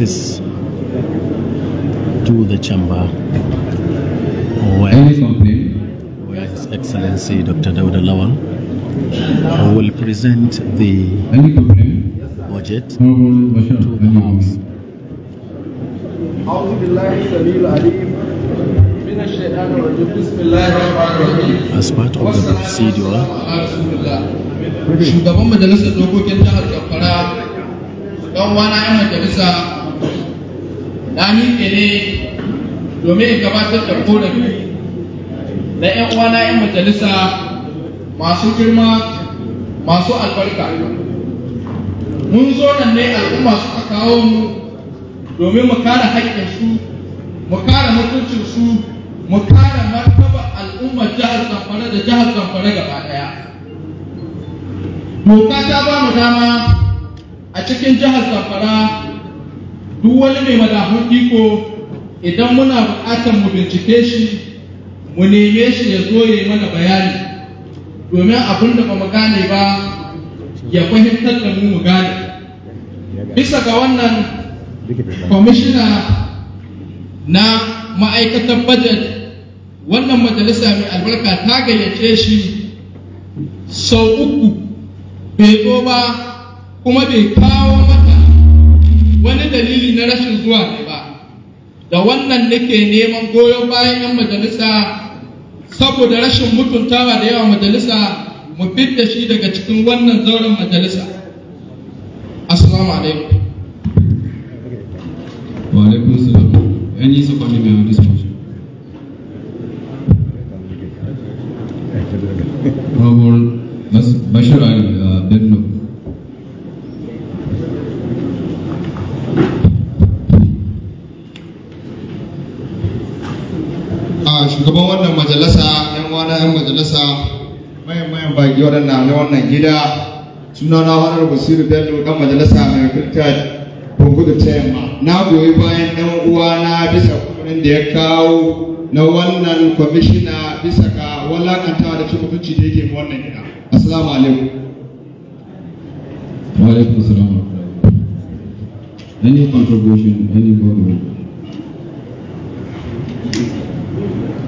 access to the chamber where, where His Excellency Dr. Dawda Lawal will present the budget to the House. As part of the procedure, Namin ne domin gabatar da korafi na 'yan uwana 'yan majalisa masu girma masu albarka mun zo nan ne al'umma suka kawo mu domin mu kare haƙƙinsu mu kare mutuncinsu mu kare martaba al'ummar jihar zamfara da jihar zamfara gaba ɗaya doka ta ba mu dama a cikin jihar zamfara duk wani mai madafun iko idan muna buƙatar mu bincike shi mu neme shi ya zo ya mana bayani domin abin da ba mu gane ba ya fahimtar da mu mu gane bisa ga wannan kwamishina na ma'aikatar budget wannan majalisa mai albarka ta gayyace shi sau uku bai zo ba kuma bai kawo mata wani dalili na rashin zuwa ne ba da wannan nake neman goyon bayan 'yan majalisa saboda rashin mutuntawa da yawa majalisa mu fidda shi daga cikin wannan zauren majalisa assalamu alaikum wa alaikum salam any supplement on this motion Honorable Bashir Ali uh, majalisa mayan baki waɗanda na wannan gida suna na wani basiru bello ɗan majalisa mai filta bungudu ta yamma na goyi bayan ɗan uwa na bisa kuɗin da ya kawo na wannan kwamishina bisa ga walakantawa da cikin mutunci da yake wannan gida assalamu alaikum wa alaikum assalam any contribution any government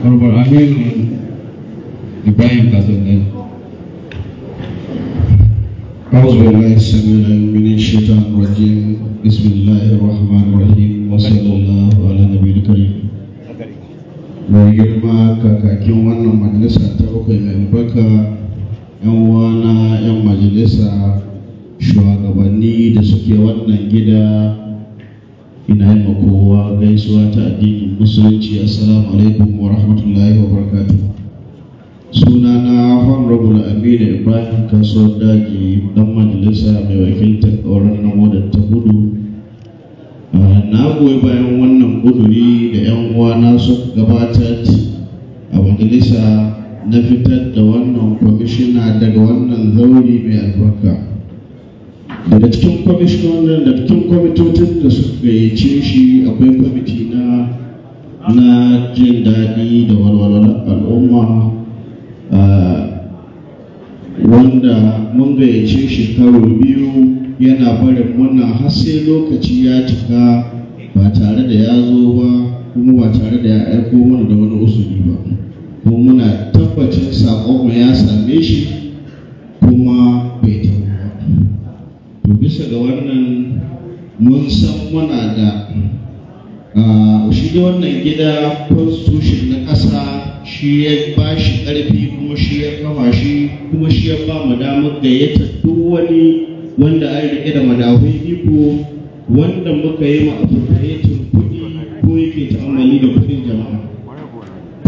Honorable Amin Ibrahim Kazangan. أعوذ بالله السميع العليم من الشيطان الرجيم بسم الله الرحمن الرحيم وصلى الله على الكريم girma kakakin wannan majalisa ta bakwai mai albarka yan wana yan majalisa shugabanni da suke wannan gida ina yi ma gaisuwa ta addinin musulunci alaikum sunana honorable aminu ibrahim kasuwar daji dan majalisa mai wakiltar ƙauran na modar ta gudu ah, na goyi bayan wannan ƙuduri da 'yan uwana sun gabatar a majalisa na fitar da wannan kwamishina daga wannan zauri mai albarka daga cikin kwamishinonin da cikin kwamitocin da suka gayyace shi akwai kwamiti na jin daɗi da walwalar al'umma Eh, wanda mun gayyace shekaru biyu yana barin muna har sai lokaci ya cika ba tare da ya zo ba kuma ba tare da ya aiko mana da wani usuli ba ko muna tabbacin sakonmu ya same shi kuma bai ba to bisa ga wannan mun san muna da eh, shi da wannan gida constitution na ƙasa shi ya ba shi ƙarfi kuma shi ya kafa shi kuma shi ya ba mu damar gayyata duk wani wanda an riƙe da madahun iko wanda muka yi ma appropriating kuɗi ko yake ta'amali da kuɗin jama'a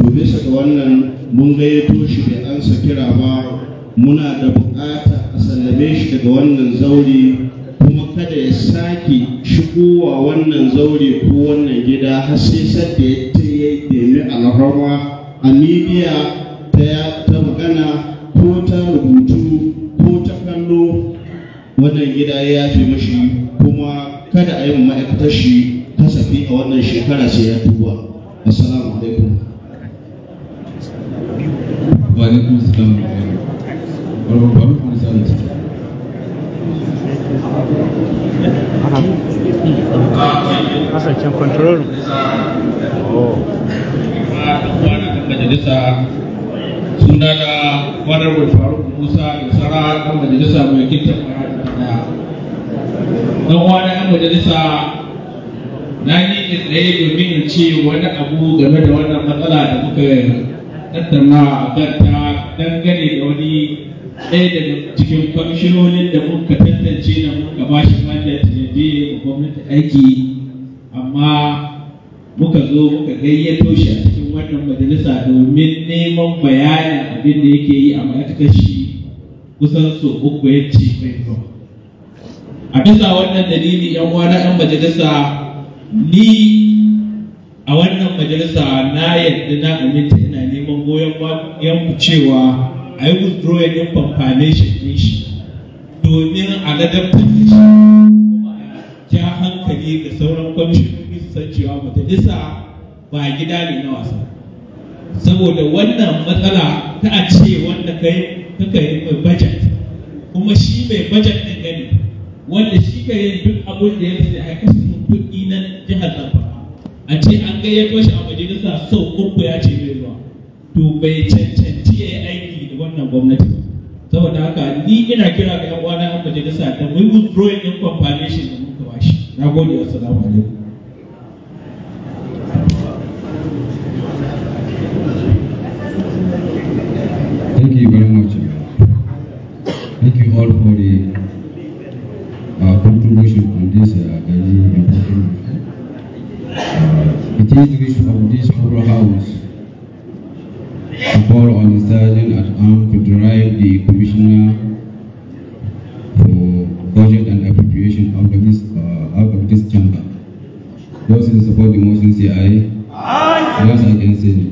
to bisa ga wannan mun gayyato shi bai ansa kira ba muna da buƙata a sallame shi daga wannan zauri kuma kada ya sake shigowa wannan zaure ko wannan gida har sai sadda ya ta yi demi Aminiya ta ta magana ko ta rubutu ko ta kallo wannan gida ya fi mashi kuma kada a yi ma'aikatar shi kasafi a wannan shekara sai ya tuba assalamu alaikum wa alaikum assalam wa rahmatullahi Hasan can control room. majalisa suna da honorable faruk musa da sara dan majalisa mai kintar daya dan wani yan majalisa na yi tsaye domin ce wani abu game da wannan matsala da muka tattauna a kanta dangane da wani ɗaya daga cikin kwamishinonin da muka tantance na muka ba shi mandat ya je gwamnati aiki amma muka zo muka gayyato shi a cikin wannan majalisa domin neman bayanin abin da yake yi a ma'aikatar shi kusan so uku ya ce a bisa wannan dalili yan uwa yan majalisa ni a wannan majalisa na yadda na aminta ina neman goyon ku cewa a yi withdrawing in confirmation din shi domin a ladabtar da shi kuma a ja hankali da sauran kwamishin su san cewa majalisa ba gida ne na wasa saboda wannan matsala ta a ce wanda kai yi mai budget kuma shi mai budget din gani wanda shi ka yi duk abin da ya fi a kasafin kuɗi na jihar Zamfara a ce an gayyato shi a majalisa sau kurku ya ce mai zuwa to bai cancanci ya yi aiki da wannan gwamnati saboda haka ni ina kira ga yan uwana an majalisa da mu withdrawing in shi, da muka bashi gode wasu alaikum Thank you very much. Thank you all for the uh, contribution on this uh, very important uh, It is the wish of this Upper House to call on the Sergeant at arm to drive the Commissioner for Budget and Appropriation out of this, uh, out of this chamber. Those in support the motion say aye. Aye. Those against it.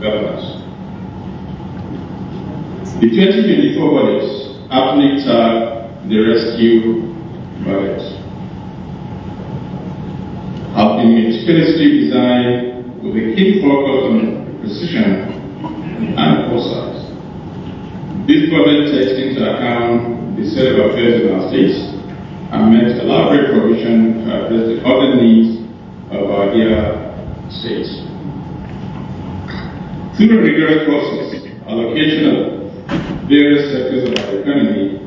governance. The 2024 budget aptly the rescue budget. Have been meticulously designed with a keen focus on precision and foresight. This budget takes into account the state of affairs in our states and makes elaborate provision to address the other needs of our dear states through a rigorous process, allocation of various sectors of our economy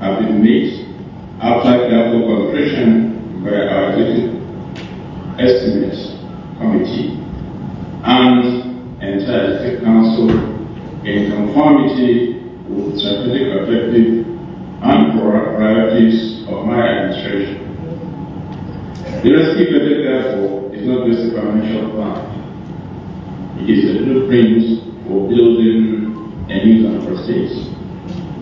have been made after careful consideration by our executive estimates committee and entire executive council in conformity with strategic objective and priorities of my administration. The rescue budget, therefore, is not just a financial plan is a blueprint for building and new on our stage,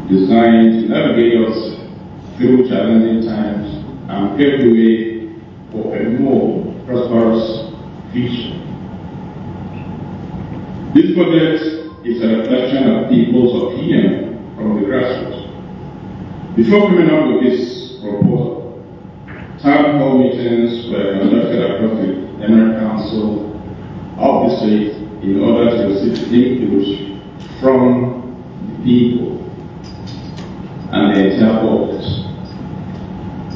designed to navigate us through challenging times and pave the way for a more prosperous future. This project is a reflection of people's opinion from the grassroots. Before coming up with this proposal, town hall meetings were conducted across the General Council of the state in order to receive input from the people and the entire world.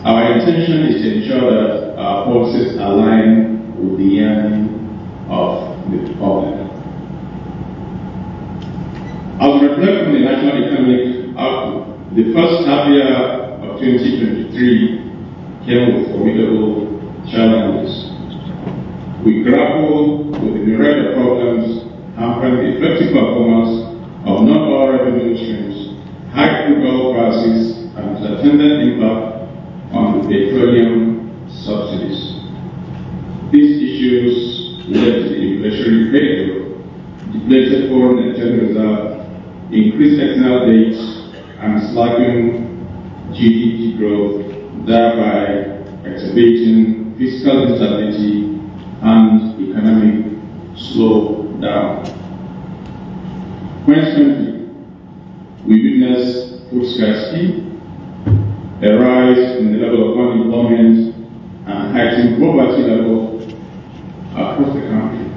Our intention is to ensure that our policies align with the yearning of the Republic. As we reflect on the national economic outlook, the first half year of 2023 came with formidable challenges we grapple with the myriad problems hampering the effective performance of non-oil revenue streams, high crude oil prices, and its attendant impact on petroleum subsidies. These issues led to inflationary pressure, depleted foreign exchange reserve, increased external debt, and slackening GDP growth, thereby exacerbating fiscal instability and economic slowdown. Consequently, we witness food scarcity, a rise in the level of unemployment, and heightened poverty level across the country.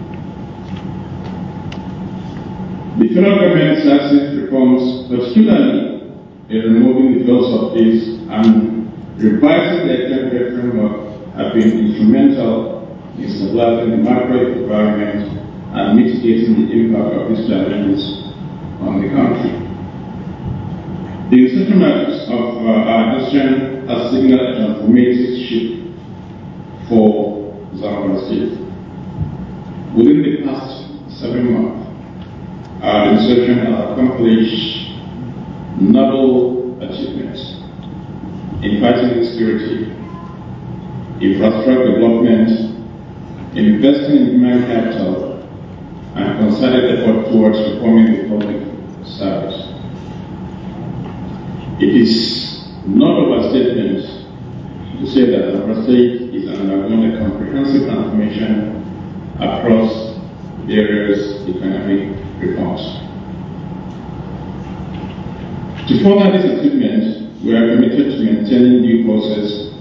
The federal government success reforms, particularly in removing the cause of this and revising the economic framework, have been instrumental is developing the macro environment and mitigating the impact of these challenges on the country. The settlement of uh, our decision has signaled a transformative shift for Zamora State. Within the past seven months, our administration has accomplished novel achievements in fighting insecurity, infrastructure development, investing in human capital, and concerted effort towards reforming the public service. It is not overstatement to say that the State is undergoing a comprehensive transformation across various economic reforms. To further this achievement, we are committed to maintaining due process,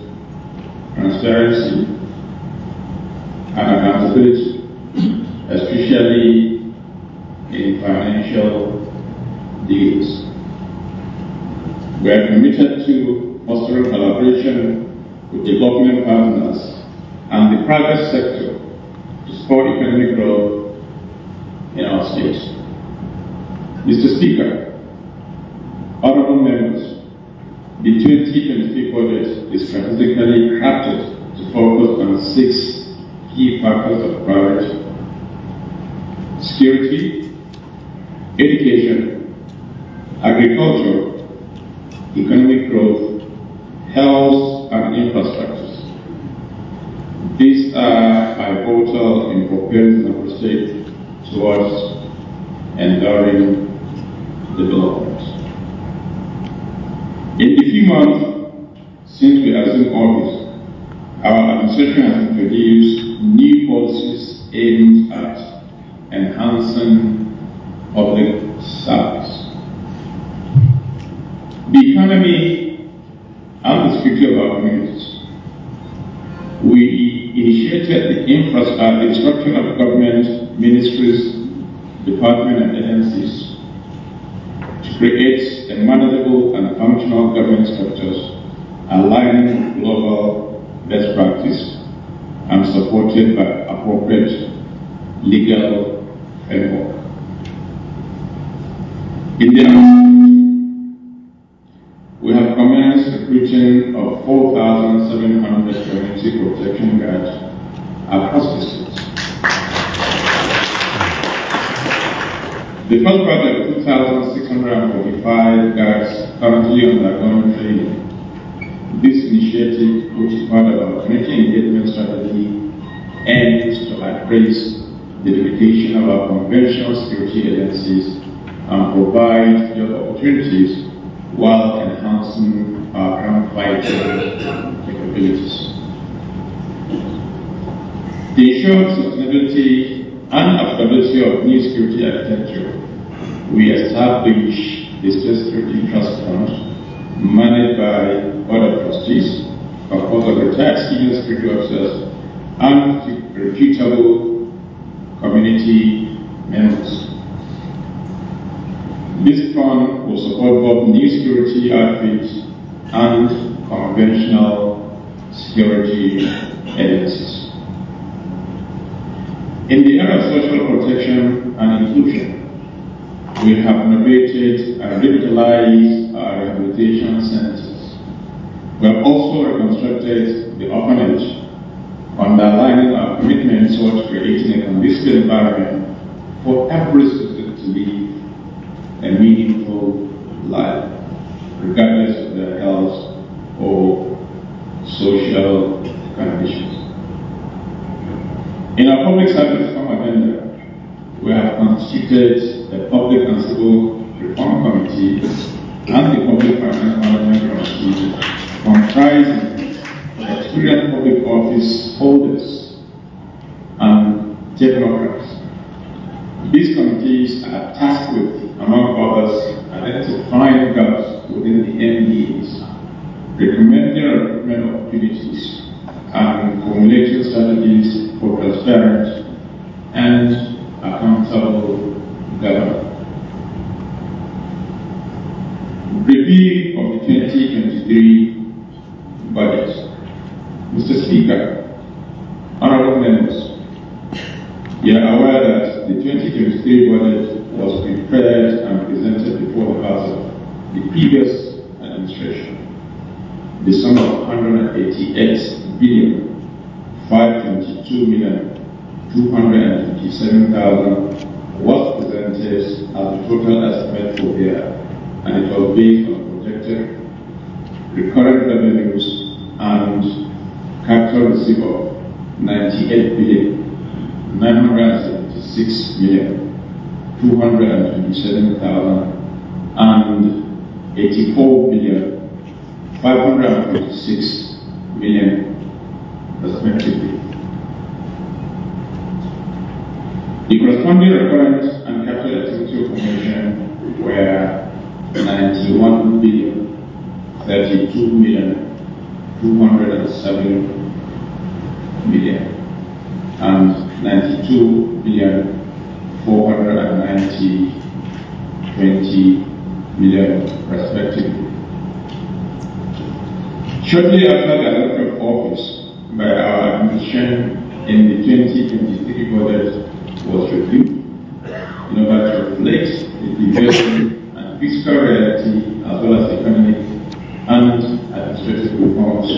transparency, especially in financial deals. We are committed to fostering collaboration with development partners and the private sector to support economic growth in our states. Mr. Speaker, honorable members, the 2023 budget is strategically crafted to focus on six key factors of priority security, education, agriculture, economic growth, health, and infrastructures. These are pivotal in preparing the State towards enduring development. In a few months since we assumed office, our administration has introduced new policies aimed at enhancing public service. The economy and the security of our communities. We initiated the infrastructure, uh, the structuring of government, ministries, department and agencies to create a manageable and functional government structures aligned with global best practice and supported by appropriate legal anymore. In the we have commenced recruiting of 4,700 community protection guards the hospices. The first project of 2,645 guards currently undergoing training. This initiative which is part of our community engagement strategy aims to increase Conventional security agencies, and provide job opportunities JWRs. These committees are tasked with, among others, identifying gaps within the MDs, recommending recruitment opportunities, and formulating strategies for transparent and Shortly after the adoption of office by our administration in the 2023 budget was reviewed in order to reflect the development and fiscal reality as well as economic and administrative reforms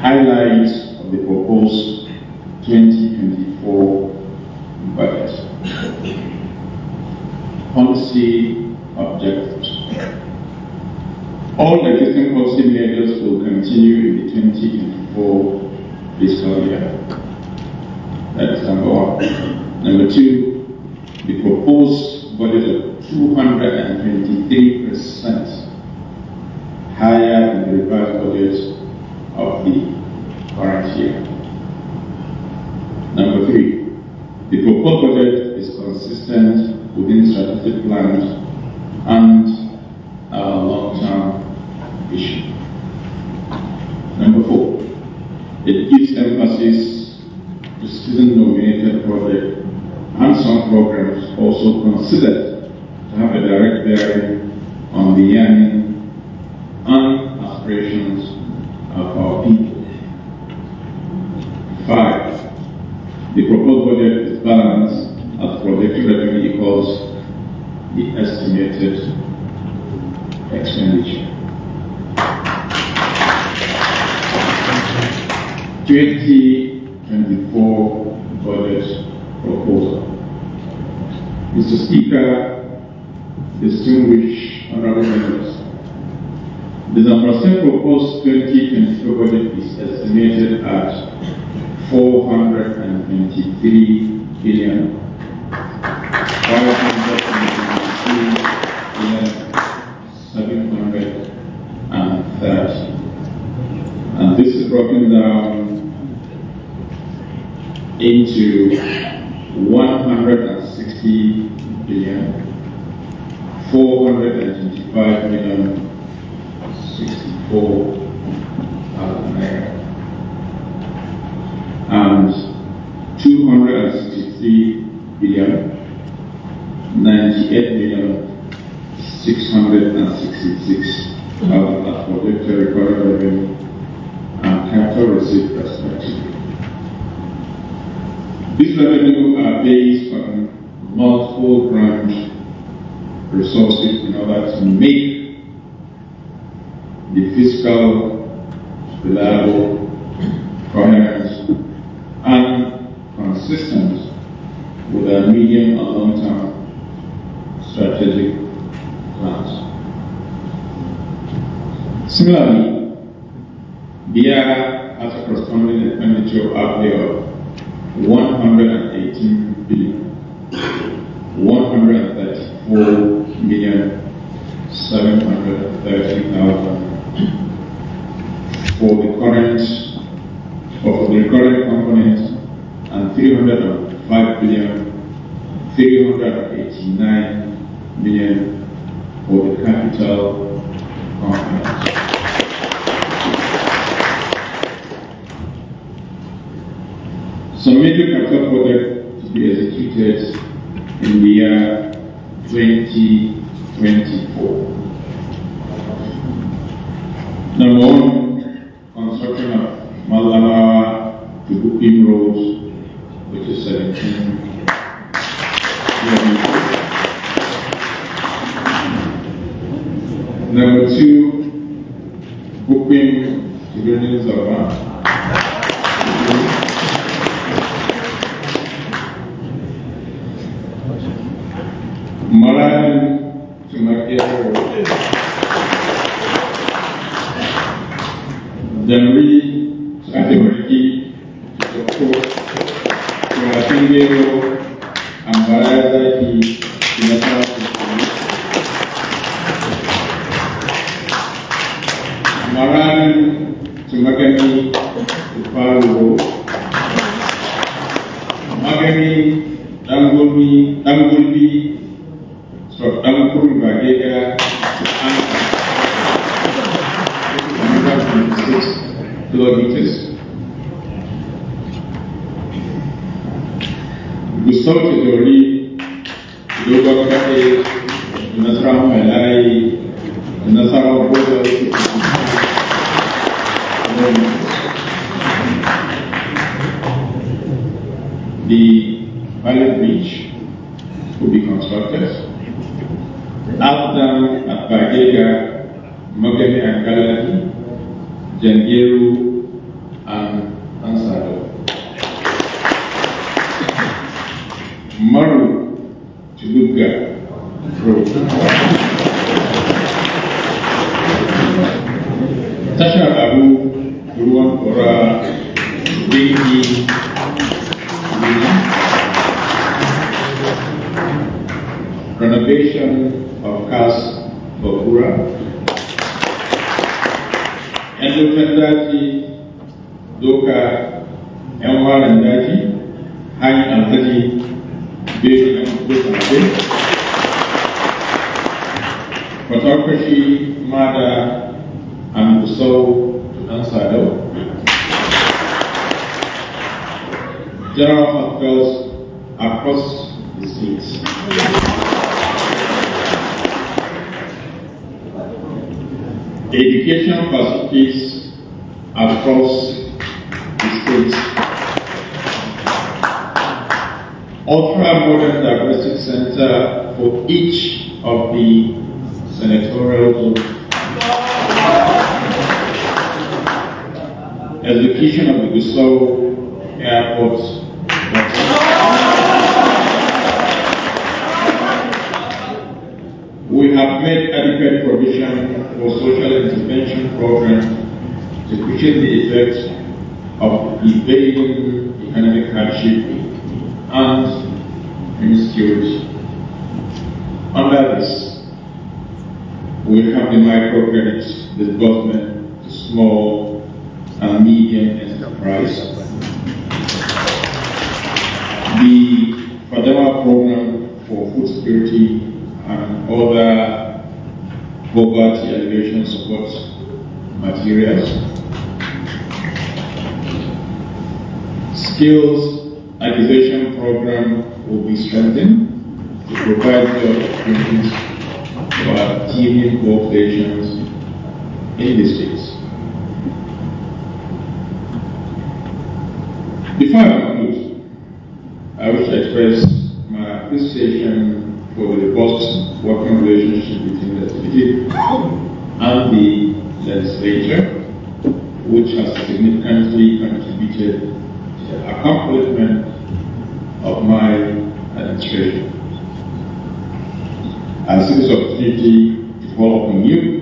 Highlights of the proposed 2024 budget. Policy objectives. All existing policy measures will continue in the 2024 fiscal year. That is number one. Number two, the proposed budget of 223 percent higher than the revised budgets of the current year. Number three, the proposed budget is consistent within strategic plans and our long-term vision. Number four, it gives emphasis to student-nominated projects and some programs also considered to have a direct bearing on the yearning to 160 billion 425 million 64 thousand naira and 263 billion 98 million 666 thousand as projected recorded revenue and capital receipt respectively. This revenue are based on multiple grant resources in order to make the fiscal Number two, Bupin Irene Zaba. daji an alhaji bai da kusa ce fatarkashi ma da an kusau an sadau general affairs across the state education facilities across ultra-modern diagnostic center for each of the senatorial groups. Education of the Gusau Airport. We have made adequate provision for social intervention programs to cushion the effects of evading economic hardship and institute. Under this, we have the microcredit, the government, the small and medium enterprise. The FADEMA program for food security and other poverty elevation support materials. Skills accusation program will be strengthened to provide the opportunities for our teaming corporations, in the states. Before I conclude, I wish to express my appreciation for the robust working relationship between the city and the legislature, which has significantly contributed to the accomplishment of my administration. A series of treaty involved new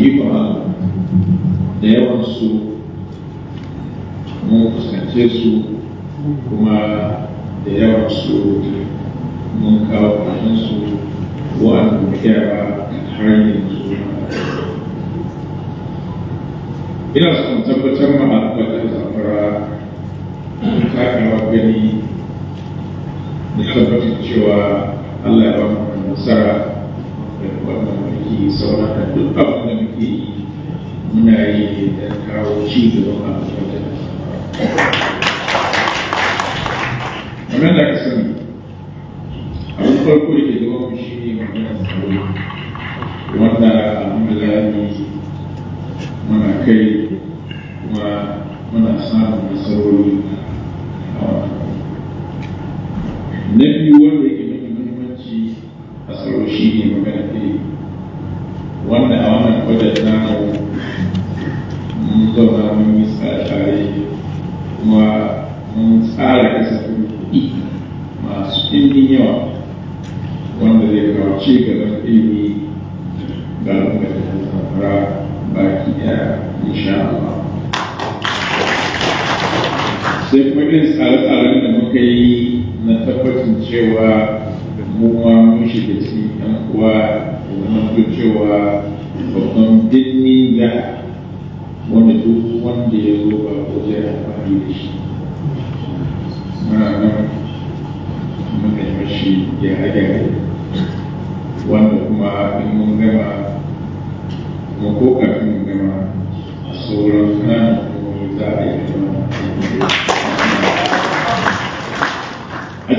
yi ba da yawansu mun fuskance su kuma da yawansu mun kawo su, wa'anda kyara har yanzu ina son tabbatar ma al'ummar zamfara ta kama gani da tabbatar cewa allah ya ba mu nasara Jesus,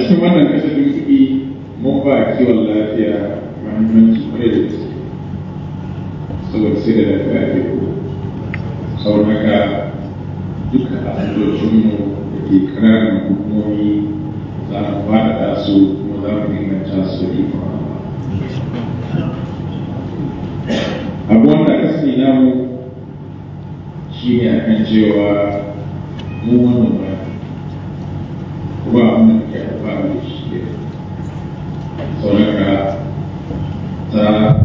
cikin wannan kasar kuɗi mun ba kiwon lafiya mahimmanci kwarai da gaske saboda sai da lafiya ake ko sauran haka duka mu da ke ƙananan hukumomi za mu faɗaɗa su kuma za mu inganta su da ikon abu wanda aka sani namu shi ne akan cewa mu ba kuma uh,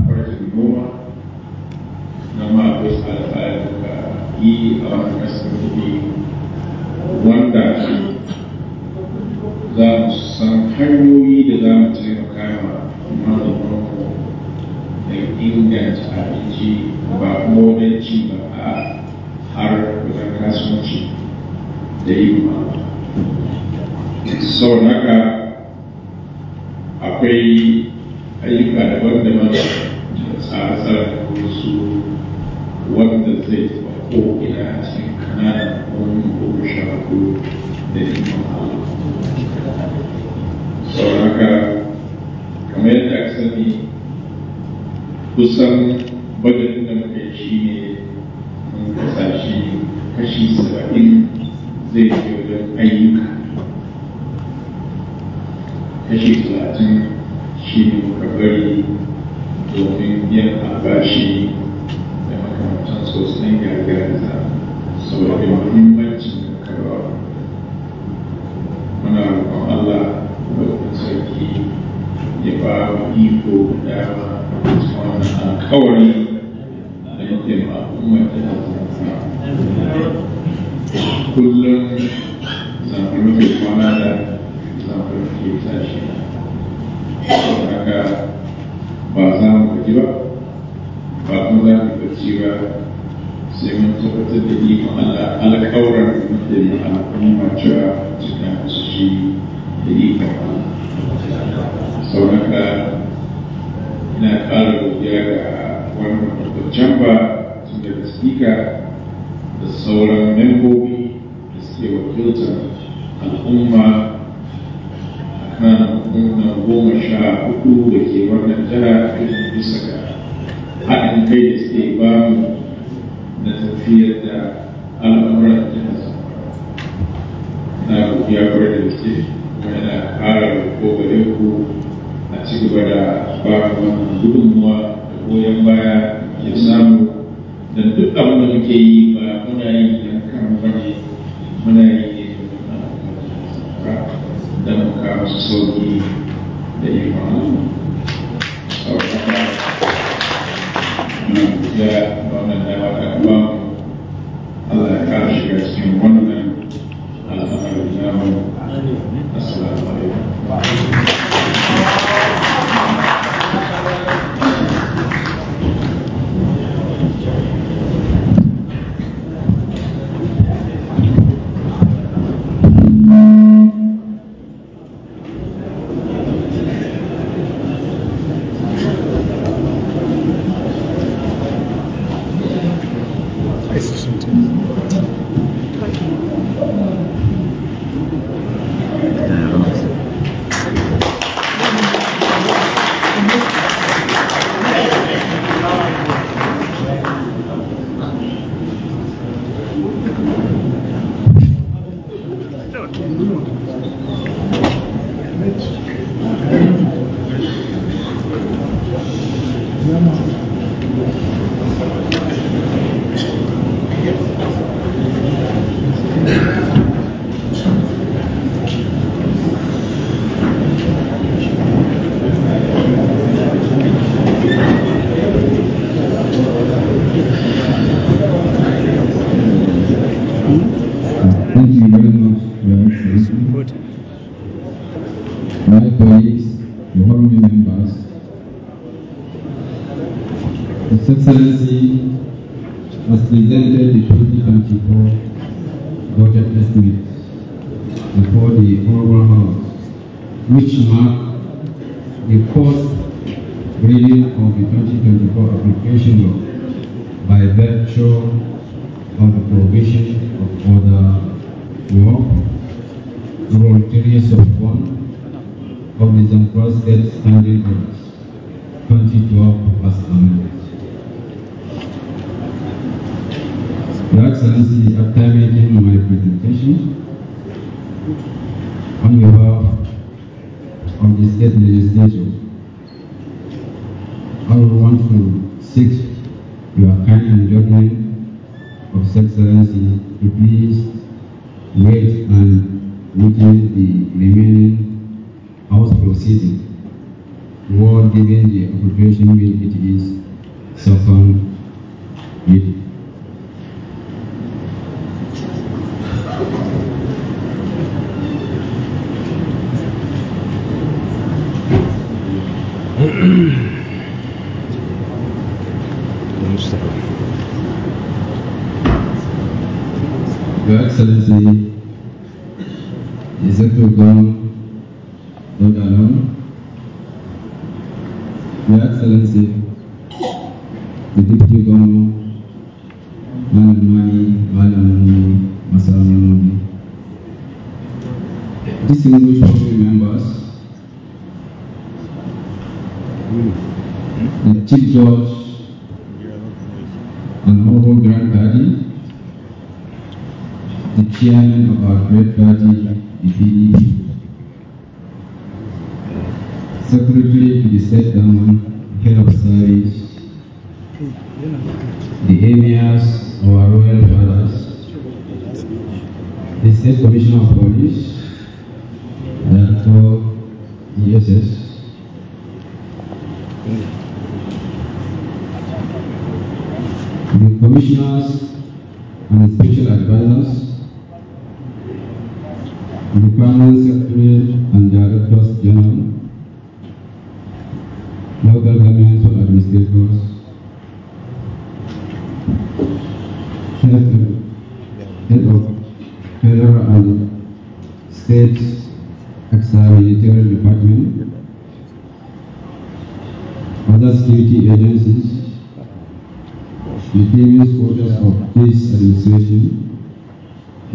alkawari da muke ma al'umma kullum na rufe kwana da world given the occupation bill it is, second with Redbody Divinity. Separately to the state government, head of service, the emirs, our royal fathers, the state commissioner of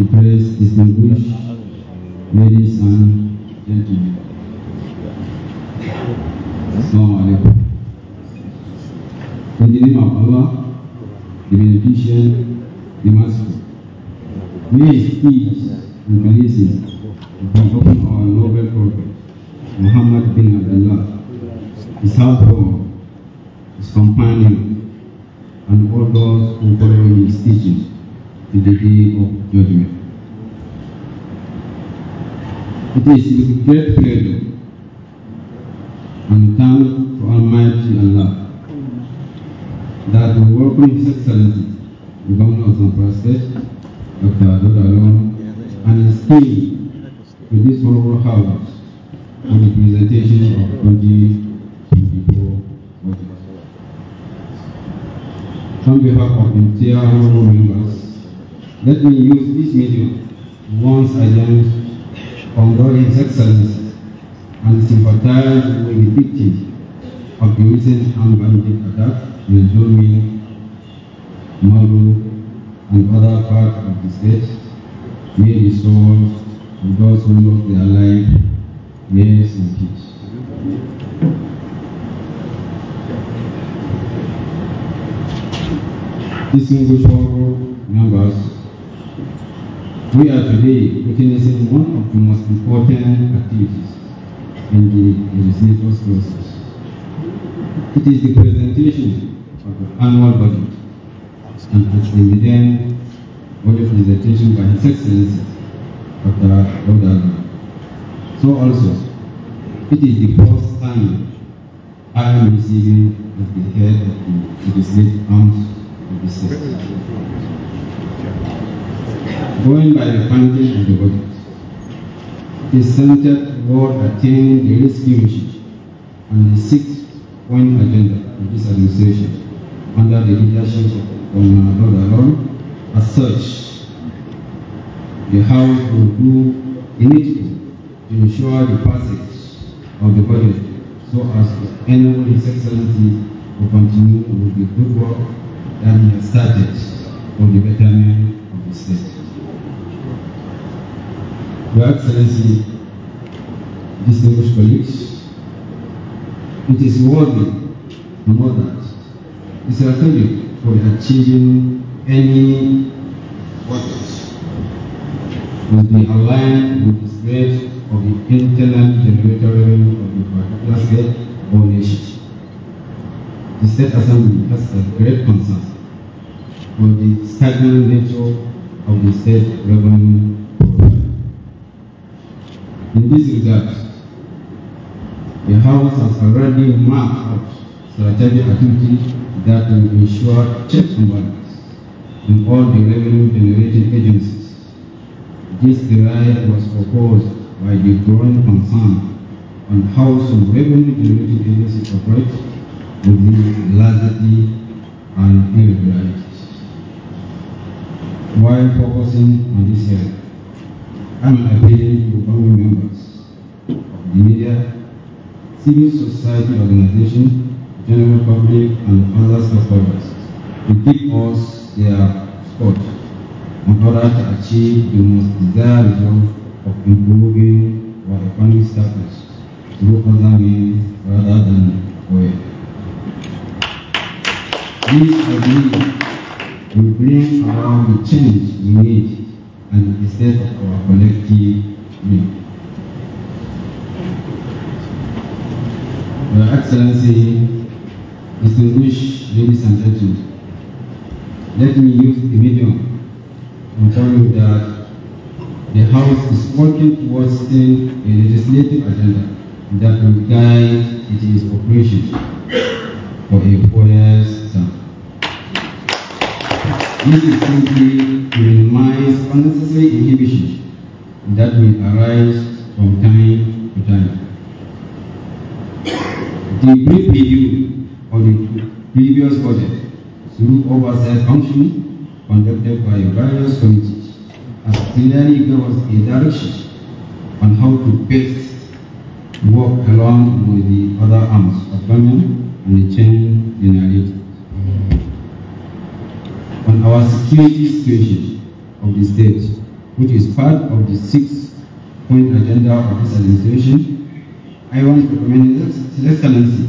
the press, distinguished ladies and gentlemen. Assalamu In the name of Allah, the Beneficent, the Master, may His peace and blessings be upon our noble prophet, Muhammad bin Abdullah, his helper, his companion, and all those who follow his teachings. the day of judgment. It is with great pleasure and thanks to Almighty Allah that we welcome His Excellency, the Governor of Zamfara State, Dr. Adoda Alon, and his team to this honorable house for the presentation of 2024 budget. On behalf of the entire honorable members, Let me use this medium once I learned his excellence and sympathize with the victims of the recent armed bandit attack in Zolmi, Malu, and other parts of the state. May the souls of those who lost their life rest in peace. Distinguished members We are today witnessing one of the most important activities in the legislative process. It is the presentation of the annual budget and has been then budget presentation by His Excellency Dr. Lodaga. So also, it is the first time I am receiving as the head of the legislative arms of the state going by the functions of the body. the centered toward attained the rescue and the sixth point agenda of this administration under the leadership of Honorable Aron. As such, the House will do initiative to ensure the passage of the budget so as to enable His Excellency to continue with the good work that he has started for the betterment mistake. Your Excellency, distinguished colleagues, it is worthy to know that Israel Khalid for achieving any orders will be aligned with the state of the internal generator of the particular state or nation. The State Assembly has a great concern for the stagnant nature of the state revenue In this regard, the House has already mapped out strategic activities that will ensure checks and balances in all the revenue generating agencies. This delay was proposed by the growing concern on how some revenue generating agencies operate with the and irregularities while focusing on this year, I'm appealing to all members of the media, civil society organizations, general public, and other stakeholders to give us their support in order to achieve the most desired result of improving our economic status through other means rather than oil. This, I will bring around the change we need and instead of our collective will. Your Excellency, distinguished ladies and gentlemen, let me use the medium to tell you that the House is working towards setting a legislative agenda that will guide its operation for a four years term. This is simply to minimize unnecessary inhibitions that will arise from time to time. The brief review of the previous budget through oversight function conducted by various committees has clearly given us a direction on how to best work along with the other arms of government and in the narrative our security situation of the state, which is part of the six-point agenda of this administration. I want to commend His Excellency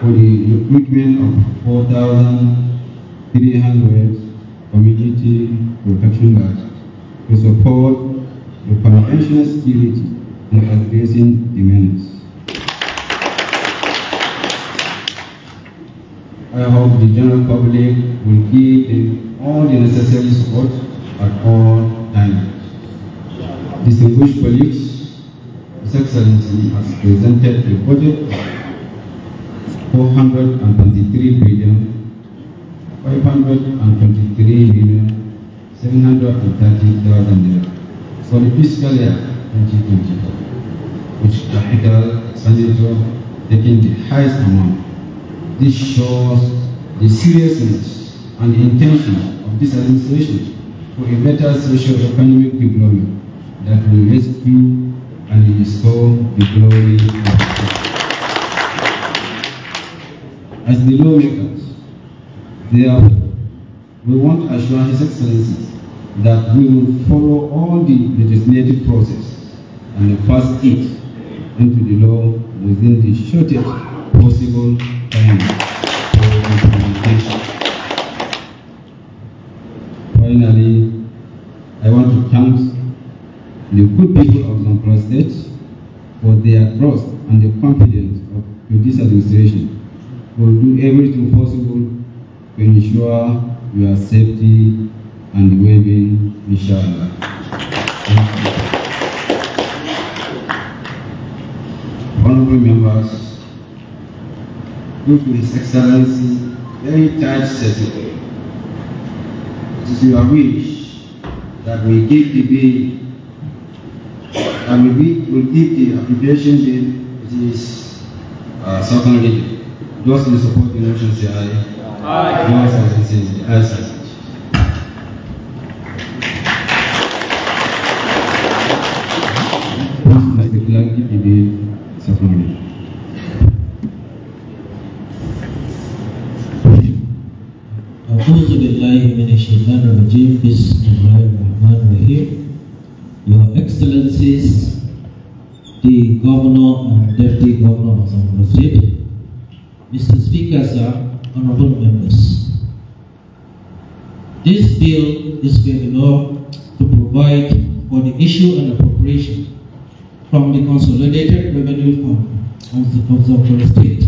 for the recruitment of 4,300 community protection guards to support the conventional security and addressing the menace. I hope the general public will give all the necessary support at all times. Distinguished colleagues, His Excellency has presented the budget of 423 billion 523 million 730,000 naira for the fiscal year 2024, which capital expenditure taking the highest amount this shows the seriousness and intention of this administration for a better socio-economic development that will rescue and restore the glory of As the lawmakers, therefore, we want to assure His Excellency that we will follow all the legislative process and pass it into the law within the shortest possible Finally, I want to thank the good people of Zamfara State for their trust and the confidence of this administration. will do everything possible to ensure your safety and well-being, inshallah. Honorable members, due to His Excellency, very tight setting. It is your wish that we give the bill and we, we give the application date, it is uh, certainly just in support the national say aye. Aye. I أعوذ بالله من الشيطان الرجيم بسم الله الرحمن الرحيم Your Excellencies, the Governor and Deputy Governor of Zamfara State, Mr. Speaker, sir, honorable members. This bill is being law to provide for the issue and appropriation from the Consolidated Revenue Fund of the, of State,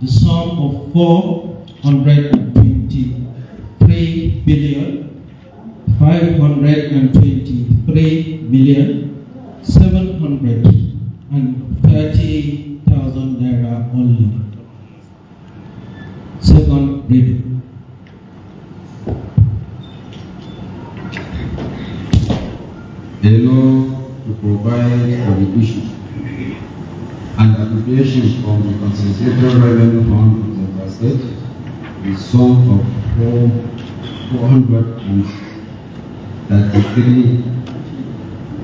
the sum of 420 Three billion five hundred and twenty-three million seven hundred and thirty thousand 523 million 730,000 naira only. Second reading. a law to provide for the issue and appropriation from the Concentrated Revenue Fund of the state the sum of four pohon batu that is three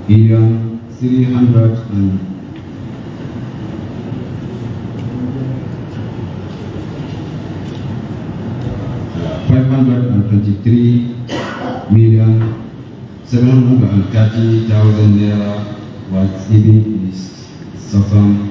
billion three hundred and five hundred and twenty-three million seven hundred and thirty thousand was southern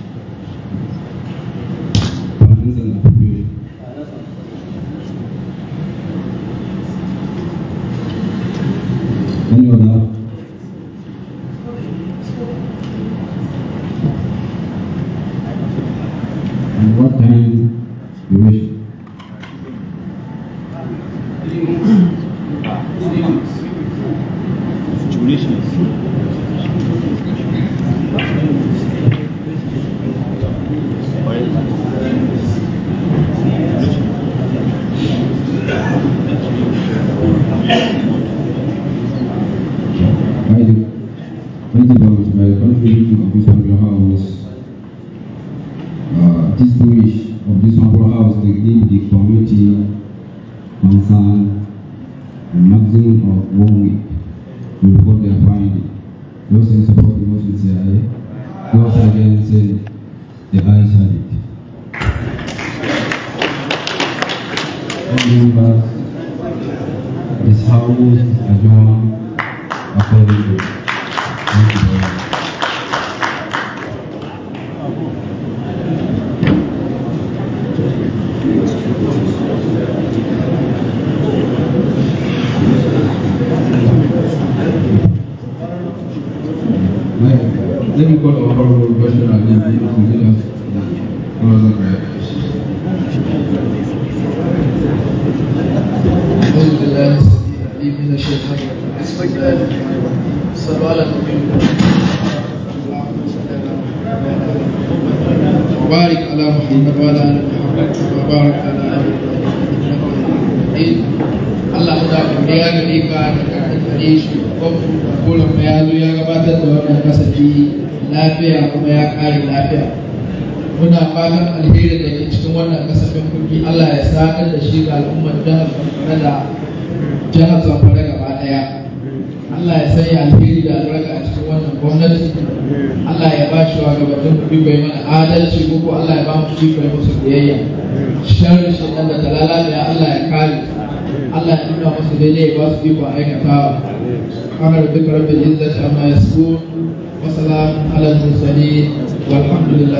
وبارك على محمد وعلى ال محمد وبارك على ال Allah ta kuma ya gane ka da karfin kare shi kuma kuma ya zo ya gabatar da wannan kasafi lafiya kuma ya kare lafiya muna fatan alheri da ke cikin wannan kasafin kuɗi Allah ya sadar da shi ga al'ummar ya da jihar Zamfara gaba ɗaya Allah ya sanya alheri da albarka a cikin wannan gwamnati Allah ya ba shi wa gabatun kuɗi bai mana adalci ko Allah ya ba mu kuɗi bai musu biyayya sharri shekan da talala da Allah ya kare Allah ya nuna musu daidai ya ba su ikon aikatawa kamar duk rabin ta ma ya su wasalam ala mursali walhamdulillah